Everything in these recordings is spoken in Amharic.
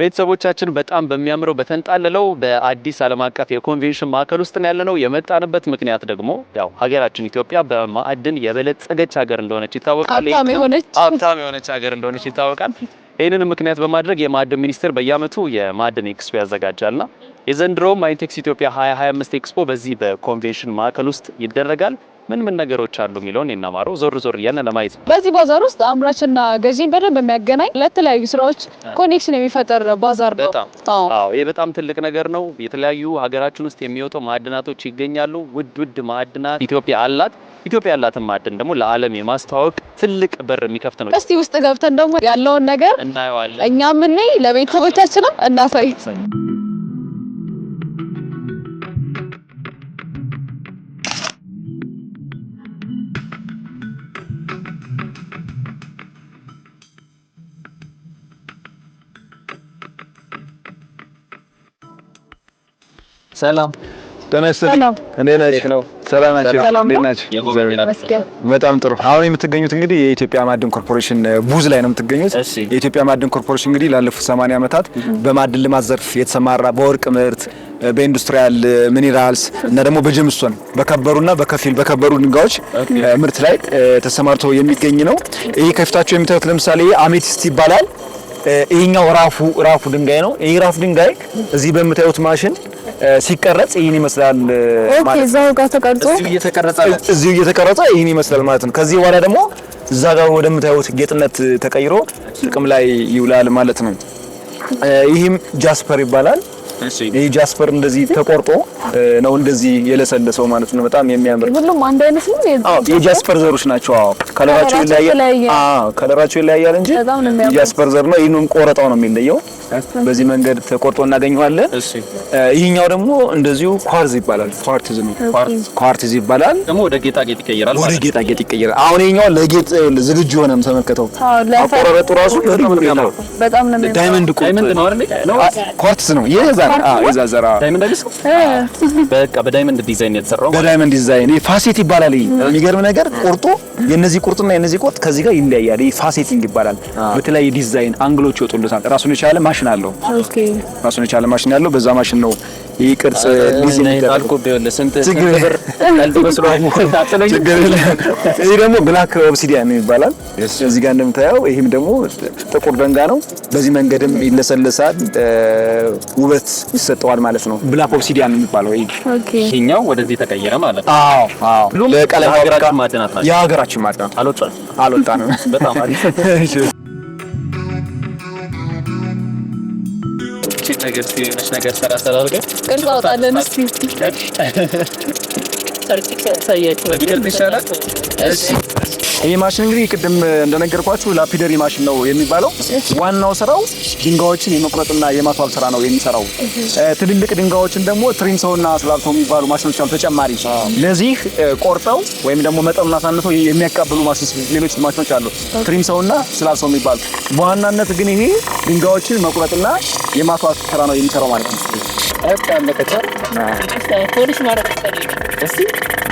ቤተሰቦቻችን በጣም በሚያምረው በተንጣለለው በአዲስ ዓለም አቀፍ የኮንቬንሽን ማዕከል ውስጥ ነው ያለነው። የመጣንበት ምክንያት ደግሞ ያው ሀገራችን ኢትዮጵያ በማዕድን የበለጸገች ሀገር እንደሆነች ይታወቃል። ሀብታም የሆነች ሀገር እንደሆነች ይታወቃል። ይህንን ምክንያት በማድረግ የማዕድን ሚኒስቴር በየዓመቱ የማዕድን ኤክስፖ ና የዘንድሮው ማይንቴክስ ኢትዮጵያ 2025 ኤክስፖ በዚህ በኮንቬንሽን ማዕከል ውስጥ ይደረጋል። ምን ምን ነገሮች አሉ የሚለውን የናማሮ ዞር ዞር እያልን ለማየት ነው። በዚህ ባዛር ውስጥ አምራችና ገዢን በደንብ የሚያገናኝ ለተለያዩ ስራዎች ኮኔክሽን የሚፈጠር ባዛር ነው። አዎ ይህ በጣም ትልቅ ነገር ነው። የተለያዩ ሀገራችን ውስጥ የሚወጡ ማዕድናቶች ይገኛሉ። ውድ ውድ ማዕድናት ኢትዮጵያ አላት። ኢትዮጵያ ያላትን ማዕድን ደግሞ ለዓለም የማስተዋወቅ ትልቅ በር የሚከፍት ነው። እስቲ ውስጥ ገብተን ደግሞ ያለውን ነገር እናየዋለን። እኛም እኔ ለቤተሰቦቻችንም እናሳይ። ሰላም ጤና ይስጥልኝ። እንዴት ናችሁ? ሰላም ናችሁ? እንዴት ናችሁ? በጣም ጥሩ። አሁን የምትገኙት እንግዲህ የኢትዮጵያ ማዕድን ኮርፖሬሽን ቡዝ ላይ ነው የምትገኙት። የኢትዮጵያ ማዕድን ኮርፖሬሽን እንግዲህ ላለፉት 80 ዓመታት በማዕድን ልማት ዘርፍ የተሰማራ በወርቅ ምርት በኢንዱስትሪያል ሚኒራልስ እና ደግሞ በጀምስቶን በከበሩና በከፊል በከበሩ ድንጋዮች ምርት ላይ ተሰማርቶ የሚገኝ ነው። ይሄ ከፊታቸው የሚታዩት ለምሳሌ አሜቲስት ይባላል። ይሄኛው ራፉ ራፉ ድንጋይ ነው። ይሄ ራፍ ድንጋይ እዚህ በምታዩት ማሽን ሲቀረጽ ይህን ይመስላል ማለት ነው። እዛው ጋር ተቀርጾ እዚሁ እየተቀረጸ ይህን ይመስላል ማለት ነው። ከዚህ በኋላ ደግሞ እዛ ጋር ወደምታዩት ጌጥነት ተቀይሮ ጥቅም ላይ ይውላል ማለት ነው። ይህም ጃስፐር ይባላል። ይህ ጃስፐር እንደዚህ ተቆርጦ ነው እንደዚህ የለሰለሰው ማለት ነው። በጣም የሚያምር ሁሉም አንድ አይነት ነው። የጃስፐር ዘሮች ናቸው። አዎ፣ ከለራቸው ይለያያል። አዎ፣ ከለራቸው ይለያያል እንጂ ጃስፐር ዘር ነው። ይህንም ቆረጣው ነው የሚለየው በዚህ መንገድ ተቆርጦ እናገኘዋለን። ይህኛው ደግሞ እንደዚሁ ኳርዝ ይባላል። ኳርትዝ ነው፣ ኳርትዝ ይባላል። ደግሞ ወደ ጌጣጌጥ ይቀየራል፣ ወደ ጌጣጌጥ ይቀየራል። አሁን ይህኛው ለጌጥ ዝግጁ የሆነም ተመልከተው፣ አቆራረጡ ራሱ በጣም ነው። ዳይመንድ ኳርቲዝ ነው። በቃ በዳይመንድ ዲዛይን የተሰራው በዳይመንድ ዲዛይን ፋሴት ይባላል። ይሄ የሚገርም ነገር ቁርጡ የነዚህ ቁርጥና የነዚህ ቁርጥ ከዚህ ጋር ይለያያል። ይሄ ፋሴቲንግ ይባላል። በተለያየ ዲዛይን አንግሎች ይወጡልታል ራሱን የቻለ ማሽን አለው። ኦኬ ራሱን የቻለ ማሽን ያለው በዛ ማሽን ነው ይህ ቅርጽ ሊዝ የሚደረግ ይህ ደግሞ ብላክ ኦብሲዲያን ይባላል። እዚህ ጋር እንደምታየው ይህም ደግሞ ጥቁር ደንጋ ነው። በዚህ መንገድም ይለሰልሳል፣ ውበት ይሰጠዋል ማለት ነው። ብላክ ኦብሲዲያን የሚባለው ይሄኛው ወደዚህ ተቀየረ ማለት ነው። ለቀለም የሀገራችን ማዕድናት አልወጣንም። ነገር ሲሆነች ነገር ሰራ ሰራ አድርገን ቅርጽ አውጣለን። እስቲ ሰርች ያሳያቸው ይሻላል። እሺ ይህ ማሽን እንግዲህ ቅድም እንደነገርኳችሁ ላፒደሪ ማሽን ነው የሚባለው። ዋናው ስራው ድንጋዮችን የመቁረጥና የማስዋብ ስራ ነው የሚሰራው። ትልልቅ ድንጋዮችን ደግሞ ሰውና ስላልቶ የሚባሉ ማሽኖች አሉ ተጨማሪ። ለዚህ ቆርጠው ወይም ደግሞ መጠኑን አሳንሰው የሚያቃብሉ ሌሎች ማሽኖች አሉ፣ ትሪምሰውና ስላልሶ የሚባሉ። በዋናነት ግን ይሄ ድንጋዮችን መቁረጥና የማስዋብ ስራ ነው የሚሰራው ማለት ነው።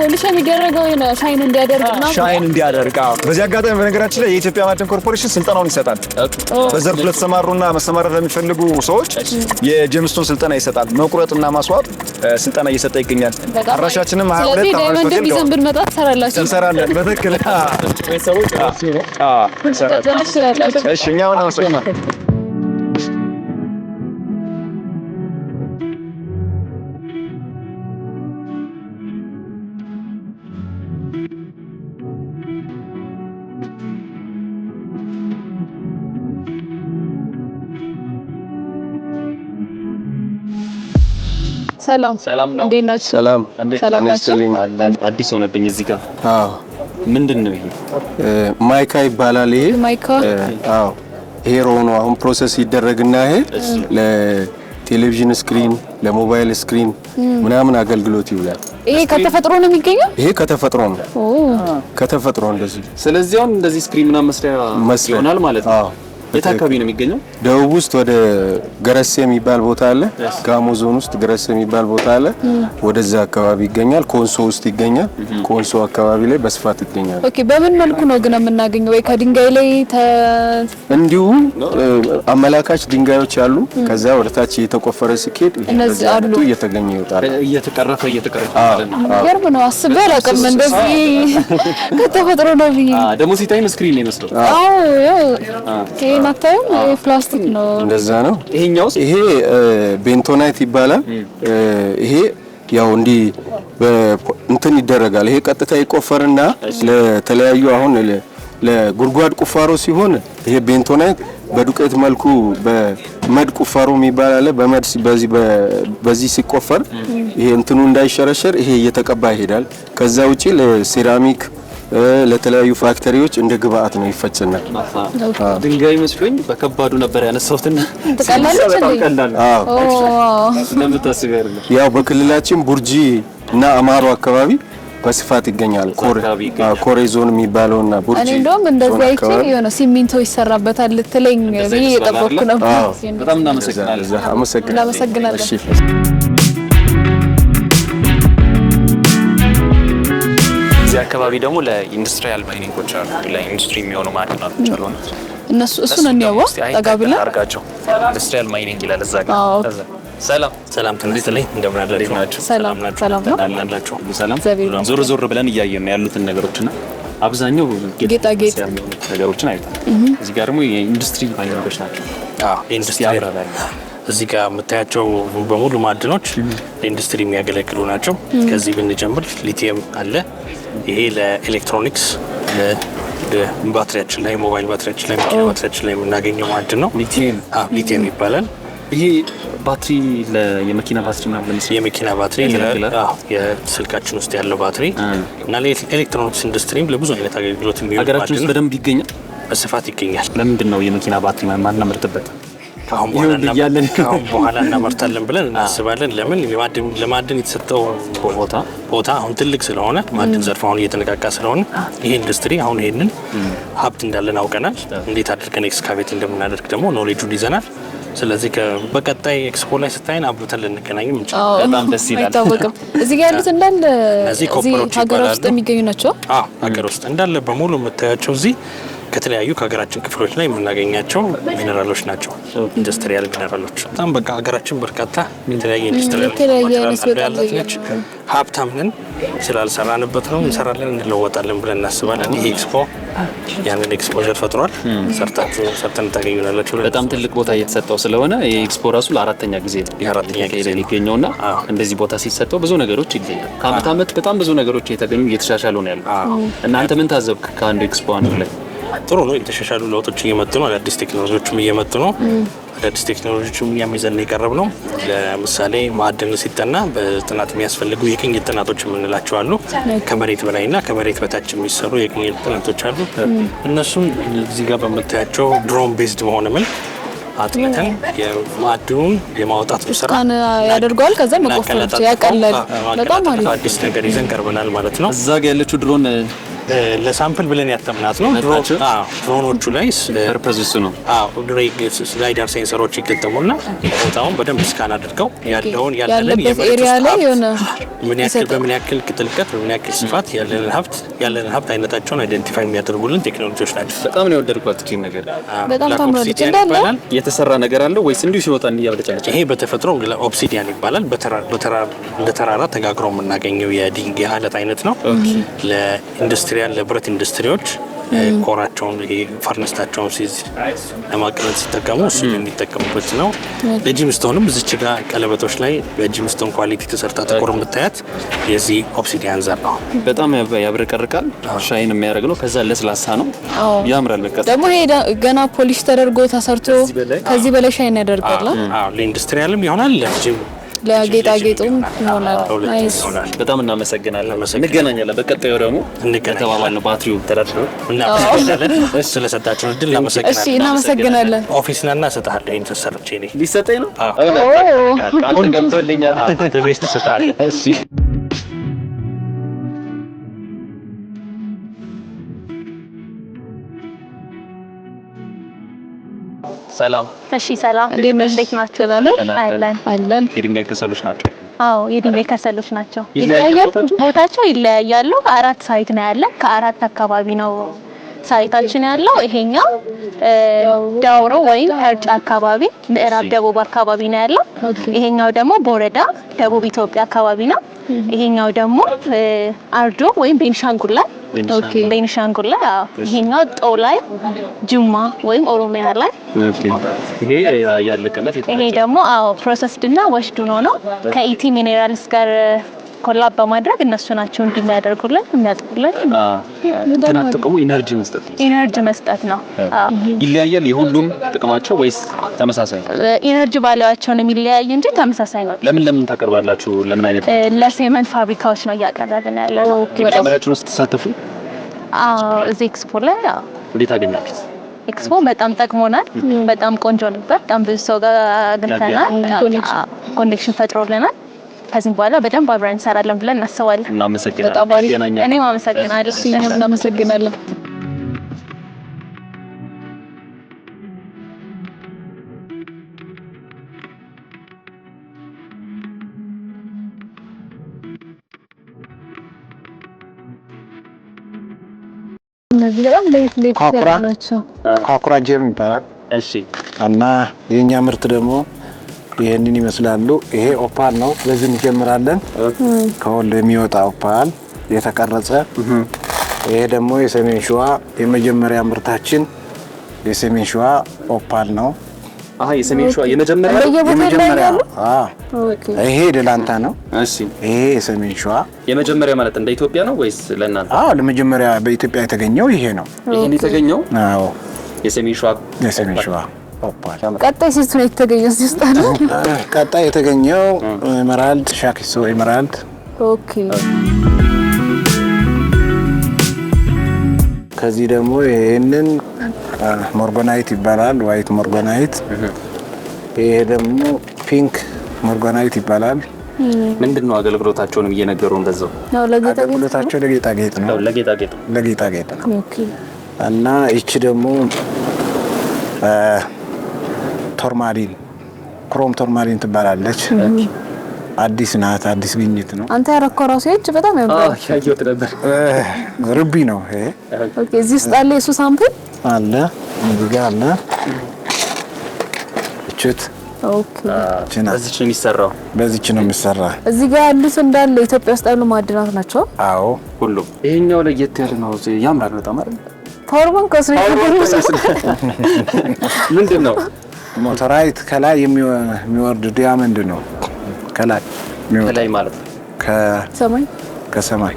ፖሊስን የሚደረገው ሻይን እንዲያደርግ ሻይን እንዲያደርግ። በዚህ አጋጣሚ በነገራችን ላይ የኢትዮጵያ ማዕድን ኮርፖሬሽን ስልጠናውን ይሰጣል። በዘርፍ ለተሰማሩና መሰማራት ለሚፈልጉ ሰዎች የጀምስቶን ስልጠና ይሰጣል። መቁረጥና ማስዋብ ስልጠና እየሰጠ ይገኛል። አድራሻችንም ሀያ መጣ ትሰራላችሁ እንሰራለን። በትክክል ቤተሰቦች እኛ ሆነ ሰላም ሰላም ነው። እንዴት ናችሁ? ሰላም ሰላም ናችሁ? አዲስ ሆነብኝ እዚህ ጋር። አዎ። ምንድን ነው ይሄ? ማይካ ይባላል። ይሄ ማይካ። አዎ። ሄሮ ነው። አሁን ፕሮሰስ ይደረግና ይሄ ለቴሌቪዥን ስክሪን፣ ለሞባይል ስክሪን ምናምን አገልግሎት ይውላል። ይሄ ከተፈጥሮ ነው የሚገኘው። ይሄ ከተፈጥሮ ነው። ከተፈጥሮ እንደዚህ። ስለዚህ አሁን እንደዚህ ስክሪን ምናምን መስሪያ ይሆናል ማለት ነው። የት አካባቢ ነው የሚገኘው? ደቡብ ውስጥ ወደ ገረሴ የሚባል ቦታ አለ። ጋሞ ዞን ውስጥ ገረሴ የሚባል ቦታ አለ። mm. ወደዛ አካባቢ ይገኛል። ኮንሶ ውስጥ ይገኛል። mm-hmm. ኮንሶ አካባቢ ላይ በስፋት ይገኛል። ኦኬ። በምን መልኩ ነው ግን የምናገኘው? ወይ ከድንጋይ ላይ እንዲሁ አመላካች ድንጋዮች አሉ። mm. ከዛ ወደ ታች እየተቆፈረ ሲኬድ እነዚህ አሉ እየተገኘ ይወጣል። እየተቀረፈ እየተቀረፈ ማለት ነው። ገርም ነው። አስቤ አላውቅም እንደዚህ ከተፈጥሮ ነው ብዬ ደግሞ ሲታይም ስክሪን ነው ይመስለው። አዎ ያው ይሄን አታየው? ፕላስቲክ ነው። እንደዛ ነው። ይሄኛው ይሄ ቤንቶናይት ይባላል። ይሄ ያው እንዲህ እንትን ይደረጋል። ይሄ ቀጥታ ይቆፈርና ለተለያዩ አሁን ለጉድጓድ ቁፋሮ ሲሆን ይሄ ቤንቶናይት በዱቄት መልኩ በመድ ቁፋሮ የሚባል አለ። በመድ በዚህ ሲቆፈር ይሄ እንትኑ እንዳይሸረሸር ይሄ እየተቀባ ይሄዳል። ከዛ ውጪ ለሴራሚክ ለተለያዩ ፋክተሪዎች እንደ ግብአት ነው ይፈጭናል። ድንጋይ መስሎኝ በከባዱ ነበር ያነሳሁትና ትቀላለች። ያው በክልላችን ቡርጂ እና አማሮ አካባቢ በስፋት ይገኛል። ኮሬ ዞን የሚባለውና ቡርጂ እኔ እንደውም እንደዚህ አይቼ የሆነ ሲሚንቶ ይሰራበታል ልትለኝ ብዬ እየጠበቅኩ ነው። በጣም እናመሰግናለን። እዚህ አካባቢ ደግሞ ለኢንዱስትሪያል ማይኒንጎች አሉ፣ ለኢንዱስትሪ የሚሆኑ ማዕድናቶች አሉ። እነሱ እሱን እንየው ጠጋ ብለን አርጋቸው ኢንዱስትሪያል ማይኒንግ ይላል እዛ ጋር። ሰላም ሰላም፣ ትንስትልኝ እንደምን አደራችሁ? ሰላም ሰላም ነው አላላችሁ። ሰላም ዞር ዞር ብለን እያየን ነው ያሉትን ነገሮችና አብዛኛው ጌጣጌጥ ነገሮችን አይተናል። እዚህ ጋር ደግሞ የኢንዱስትሪ ማይኒንጎች ናቸው። ኢንዱስትሪ አብራራ እዚህ ጋር የምታያቸው በሙሉ ማዕድኖች ለኢንዱስትሪ የሚያገለግሉ ናቸው። ከዚህ ብንጀምር ሊቲየም አለ። ይሄ ለኤሌክትሮኒክስ ባትሪያችን ላይ ሞባይል ባትሪያችን ላይ መኪና ባትሪያችን ላይ የምናገኘው ማዕድን ነው። ሊቲየም ይባላል። ይሄ ባትሪ የመኪና ባትሪ የመኪና ባትሪ የስልካችን ውስጥ ያለው ባትሪ እና ለኤሌክትሮኒክስ ኢንዱስትሪም ለብዙ አይነት አገልግሎት የሚውል ሀገራችን ውስጥ በደንብ ይገኛል፣ በስፋት ይገኛል። ለምንድን ነው የመኪና ባትሪ ማናመርትበት? ከአሁን በኋላ እናመርታለን ብለን እናስባለን። ለምን ለማዕድን የተሰጠው ቦታ አሁን ትልቅ ስለሆነ ማዕድን ዘርፍ አሁን እየተነቃቃ ስለሆነ ይህ ኢንዱስትሪ አሁን ይህንን ሀብት እንዳለን አውቀናል። እንዴት አድርገን ኤክስካቬት እንደምናደርግ ደግሞ ኖሌጁን ይዘናል። ስለዚህ በቀጣይ ኤክስፖ ላይ ስታይን አብተን ልንገናኝ እንችላለን። በጣም ደስ ይላል። አይታወቅም እዚህ ጋር ያሉት እንዳለ እዚህ ሀገር ውስጥ የሚገኙ ናቸው። ሀገር ውስጥ እንዳለ በሙሉ የምታያቸው እዚህ ከተለያዩ ከሀገራችን ክፍሎች ላይ የምናገኛቸው ሚነራሎች ናቸው። ኢንዱስትሪያል ሚነራሎች በጣም በቃ ሀገራችን በርካታ የተለያየ ኢንዱስትሪያል ሀብታም ነን ስላልሰራንበት ነው። እንሰራለን እንለወጣለን ብለን እናስባለን። ይህ ኤክስፖ ያንን ኤክስፖዘር ፈጥሯል። ሰርተን ታገኙናላችሁ። በጣም ትልቅ ቦታ እየተሰጠው ስለሆነ የኤክስፖ ራሱ ለአራተኛ ጊዜ የሚገኘው እና እንደዚህ ቦታ ሲሰጠው ብዙ ነገሮች ይገኛል። ከአመት አመት በጣም ብዙ ነገሮች እየተገኙ እየተሻሻሉ ነው ያሉ። እናንተ ምን ታዘብክ ከአንዱ ኤክስፖ አንዱ ላይ ጥሩ ነው። የተሻሻሉ ለውጦች እየመጡ ነው። አዳዲስ ቴክኖሎጂዎችም እየመጡ ነው። አዳዲስ ቴክኖሎጂዎችም እኛም ይዘን ነው የቀረብ ነው። ለምሳሌ ማዕድን ሲጠና በጥናት የሚያስፈልጉ የቅኝት ጥናቶች የምንላቸው አሉ። ከመሬት በላይና ከመሬት በታች የሚሰሩ የቅኝት ጥናቶች አሉ። እነሱም እዚህ ጋር በምታያቸው ድሮን ቤዝድ በሆነ መልክ አጥንተን የማዕድኑን የማውጣት ስራ ያደርገዋል። ከዛ መቆፈር ያቀለል። በጣም አዲስ ነገር ይዘን ቀርበናል ማለት ነው። እዛ ጋ ያለችው ድሮን ለሳምፕል ብለን ያተምናት ነው። ድሮኖቹ ላይ ፐርፐዝ ነው። ራዳር ሴንሰሮች ይገጠሙና ቦታውን በደንብ እስካን አድርገው ያለውን ያለንን ምን ያክል በምን ያክል ጥልቀት በምን ያክል ስፋት ያለንን ሀብት ያለንን ሀብት አይነታቸውን አይደንቲፋይ የሚያደርጉልን ቴክኖሎጂዎች ናቸው። በጣም ነው የወደድኳት እቺ ነገር። በጣም ታምራለች። እንዳለ የተሰራ ነገር አለው ወይስ እንዲሁ ሲወጣ እያብለጨለጨ? ይሄ በተፈጥሮ ኦብሲዲያን ይባላል። በተራራ እንደ ተራራ ተጋግሮ የምናገኘው የድንጋይ አለት አይነት ነው። ለኢንዱስትሪ ያለ ብረት ኢንዱስትሪዎች ኮራቸውን ፈርነስታቸውን ሲዝ ለማቀረጥ ሲጠቀሙ እሱ የሚጠቀሙበት ነው። ለጂም ስቶንም እዚች ጋ ቀለበቶች ላይ በጂም ስቶን ኳሊቲ ተሰርታ ጥቁር የምታያት የዚህ ኦብሲዲያን ዘር ነው። በጣም ያብረቀርቃል፣ ሻይን የሚያደርግ ነው። ከዛ ለስላሳ ነው፣ ያምራል። በቃ ደግሞ ይሄ ገና ፖሊሽ ተደርጎ ተሰርቶ ከዚህ በላይ ሻይን ያደርጋል። ለኢንዱስትሪያልም ይሆናል ለጂም ለጌጣጌጡም ይሆናል። በጣም እናመሰግናለን። እንገናኛለን። በቀጣዩ ደግሞ ተባባልን። ባትሪው ተዳድሮ ስለሰጣችሁን እድል እናመሰግናለን። ኦፊስ ና እናሰጥሃለሁ። ይህን ተሰርቼ ሊሰጠኝ ነው። አዎ ገብቶልኛል። ቤት ትሰጣለህ። ሰላም። እሺ፣ ሰላም። እንዴት ናችሁ? አለን አለን። የድንጋይ ከሰሎች ናቸው። አዎ፣ የድንጋይ ከሰሎች ናቸው። ይለያያሉ፣ ቦታቸው ይለያያሉ። አራት ሳይት ነው ከአራት አካባቢ ነው ሳይታችን ያለው። ይሄኛው ዳውሮ ወይም ሄርጭ አካባቢ ምዕራብ ደቡብ አካባቢ ነው ያለው። ይሄኛው ደግሞ ቦረዳ ደቡብ ኢትዮጵያ አካባቢ ነው። ይሄኛው ደግሞ አርዶ ወይም ቤንሻንጉል ላይ ቤኒሻንጉል ላይ ይሄኛው ጦ ላይ ጅማ ወይም ኦሮሚያ ላይ ይሄ ደግሞ ፕሮሰስድና ወሽድ ሆኖ ነው ከኢቲ ሚኔራልስ ጋር ኮላብ በማድረግ እነሱ ናቸው እንደሚያደርጉልን የሚያጥቁልን። ጥቅሙ ኢነርጂ መስጠት ነው። ኢነርጂ መስጠት ነው። ይለያያል የሁሉም ጥቅማቸው ወይስ ተመሳሳይ ነው። ኢነርጂ ባላቸው ነው የሚለያይ እንጂ ተመሳሳይ ነው። ለምን ለምን ታቀርባላችሁ? ለምን አይነት ለሴመንት ፋብሪካዎች ነው እያቀረብን ያለው። መጀመሪያችሁ ነው ስትሳተፉ እዚህ ኤክስፖ ላይ እንዴት አገኛችሁት? ኤክስፖ በጣም ጠቅሞናል። በጣም ቆንጆ ነበር። በጣም ብዙ ሰው ጋር አግኝተናል። ኮኔክሽን ፈጥሮልናል። ከዚህም በኋላ በደንብ አብረን እንሰራለን ብለን እናስባለን። እናመሰግናለን። እኔም አመሰግናለሁ። እናመሰግናለን። እነዚህ በጣም ለየት ለየት ናቸው። ጀም ይባላል። እሺ። እና የእኛ ምርት ደግሞ ይህንን ይመስላሉ። ይሄ ኦፓል ነው። በዚህ እንጀምራለን። ከወሎ የሚወጣ ኦፓል የተቀረጸ። ይሄ ደግሞ የሰሜን ሸዋ የመጀመሪያ ምርታችን የሰሜን ሸዋ ኦፓል ነው። አሀ የሰሜን ሸዋ የመጀመሪያ የመጀመሪያ ይሄ ደላንታ ነው። እሺ ይሄ የሰሜን ሸዋ የመጀመሪያ ማለት እንደ ኢትዮጵያ ነው ወይስ ለእናንተ? አዎ ለመጀመሪያ በኢትዮጵያ የተገኘው ይሄ ነው። ይሄን የተገኘው። አዎ የሰሜን ሸዋ የሰሜን ሸዋ ቀጣይ ሲስቱ ነው የተገኘው? ስንት ነው ቀጣይ የተገኘው? ኤመራልድ ሻኪሶ ኤመራልድ። ኦኬ ከዚህ ደግሞ ይሄንን ሞርጎናይት ይባላል። ዋይት ሞርጎናይት ይሄ ደግሞ ፒንክ ሞርጋናይት ይባላል። ምንድን ነው አገልግሎታቸውንም እየነገሩን በዛው አገልግሎታቸው ለጌጣጌጥ ነው፣ ለጌጣጌጥ ነው። እና ይቺ ደግሞ ቶርማሊን ክሮም ቶርማሊን ትባላለች። አዲስ ናት። አዲስ ግኝት ነው። አንተ ያረኮ ራሴዎች በጣም ያምራል። ርቢ ነው እዚህ ውስጥ አለ የሱ ሳምፕል አለ እንዲጋ ጋር አለ። እችት በዚች ነው የሚሰራው። በዚች ነው የሚሰራ። እዚህ ጋር ያሉት እንዳለ ኢትዮጵያ ውስጥ ያሉ ማዕድናት ናቸው። አዎ ሁሉም። ይሄኛው ለየት ያለ ነው። ያምራል በጣም አይደል? ፓወር ባንክ ወስሬ ምንድን ነው ሞተራይት ከላይ የሚወርድ ዲያመንድ ነው። ከላይ ከላይ ማለት ነው ከሰማይ ከሰማይ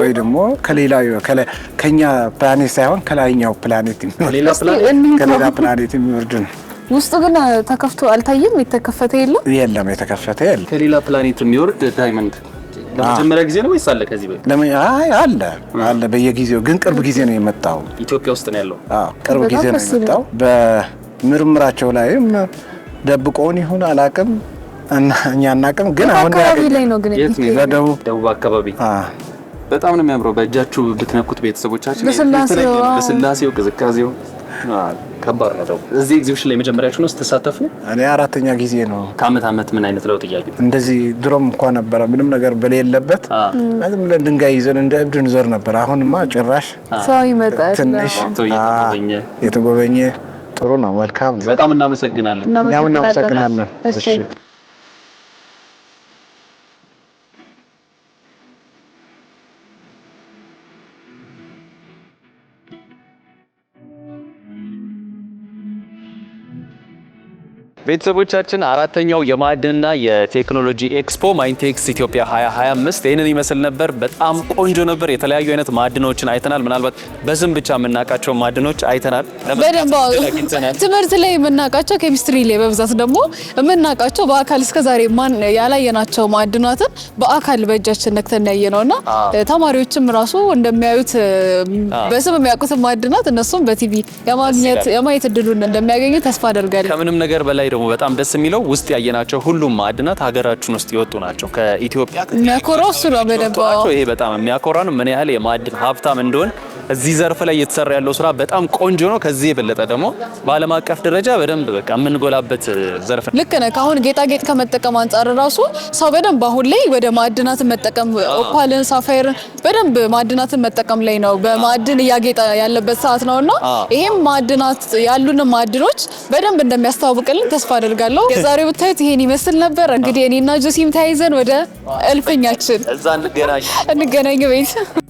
ወይ ደግሞ ከሌላ ከኛ ፕላኔት ሳይሆን ከላይኛው ፕላኔት ከሌላ ፕላኔት የሚወርድ ነው። ውስጡ ግን ተከፍቶ አልታየም። የተከፈተ የለም የለም፣ የተከፈተ የለም። ከሌላ ፕላኔት የሚወርድ ዳይመንድ ለመጀመሪያ ጊዜ ነው ወይስ አለ? ከዚህ በፊት አይ አለ አለ፣ በየጊዜው ግን ቅርብ ጊዜ ነው የመጣው። ኢትዮጵያ ውስጥ ነው ያለው። አዎ ቅርብ ጊዜ ነው የመጣው። በምርምራቸው ላይም ደብቆን ይሁን አላቅም፣ እኛ አናቅም። ግን አሁን ላይ ነው ግን በደቡብ ደቡብ አካባቢ በጣም ነው የሚያምረው። በእጃችሁ ብትነኩት ቤተሰቦቻችን፣ ለስላሴው፣ ቅዝቃዜው ከባድ ነው። እዚህ ኤግዚቢሽን ላይ መጀመሪያችሁ ነው ስትሳተፉ? እኔ አራተኛ ጊዜ ነው። ከአመት አመት ምን አይነት ለውጥ እያዩ እንደዚህ? ድሮም እንኳ ነበረ ምንም ነገር በሌለበት ዝም ብለን ድንጋይ ይዘን እንደ እብድ እንዞር ነበር። አሁንማ ጭራሽ ሰው ይመጣል፣ ትንሽ የተጎበኘ ጥሩ ነው። መልካም በጣም እናመሰግናለን። እናመሰግናለን። ቤተሰቦቻችን አራተኛው የማዕድንና የቴክኖሎጂ ኤክስፖ ማይንቴክስ ኢትዮጵያ 2025 ይህንን ይመስል ነበር። በጣም ቆንጆ ነበር። የተለያዩ አይነት ማዕድኖችን አይተናል። ምናልባት በዝም ብቻ የምናውቃቸው ማዕድኖች አይተናል። በደንብ ትምህርት ላይ የምናውቃቸው፣ ኬሚስትሪ ላይ በብዛት ደግሞ የምናውቃቸው በአካል እስከዛሬ ማን ያላየናቸው ማዕድናትን በአካል በእጃችን ነክተን ነው እና ተማሪዎችም ራሱ እንደሚያዩት በስም የሚያውቁትን ማዕድናት እነሱም በቲቪ የማግኘት የማየት እድሉን እንደሚያገኙ ተስፋ አደርጋለሁ ከምንም ነገር በላይ ደግሞ በጣም ደስ የሚለው ውስጥ ያየናቸው ሁሉም ማዕድናት ሀገራችን ውስጥ የወጡ ናቸው። ከኢትዮጵያ የሚያኮራው ነው ይሄ በጣም የሚያኮራ ነው። ምን ያህል የማዕድን ሀብታም እንደሆን እዚህ ዘርፍ ላይ እየተሰራ ያለው ስራ በጣም ቆንጆ ነው። ከዚህ የበለጠ ደግሞ በዓለም አቀፍ ደረጃ በደንብ በቃ የምንጎላበት ዘርፍ ነው። ልክ ነህ። ከአሁን ጌጣጌጥ ከመጠቀም አንጻር ራሱ ሰው በደንብ አሁን ላይ ወደ ማዕድናትን መጠቀም ኦፓልን፣ ሳፋይርን በደንብ ማዕድናትን መጠቀም ላይ ነው። በማዕድን እያጌጠ ያለበት ሰዓት ነውና ይሄም ማዕድናት ያሉን ማዕድኖች በደንብ እንደሚያስተዋውቅልን ተስፋ አደርጋለሁ። የዛሬው ብታዩት ይሄን ይመስል ነበር። እንግዲህ እኔና ጆሲም ተያይዘን ወደ እልፍኛችን እንገናኝ ቤት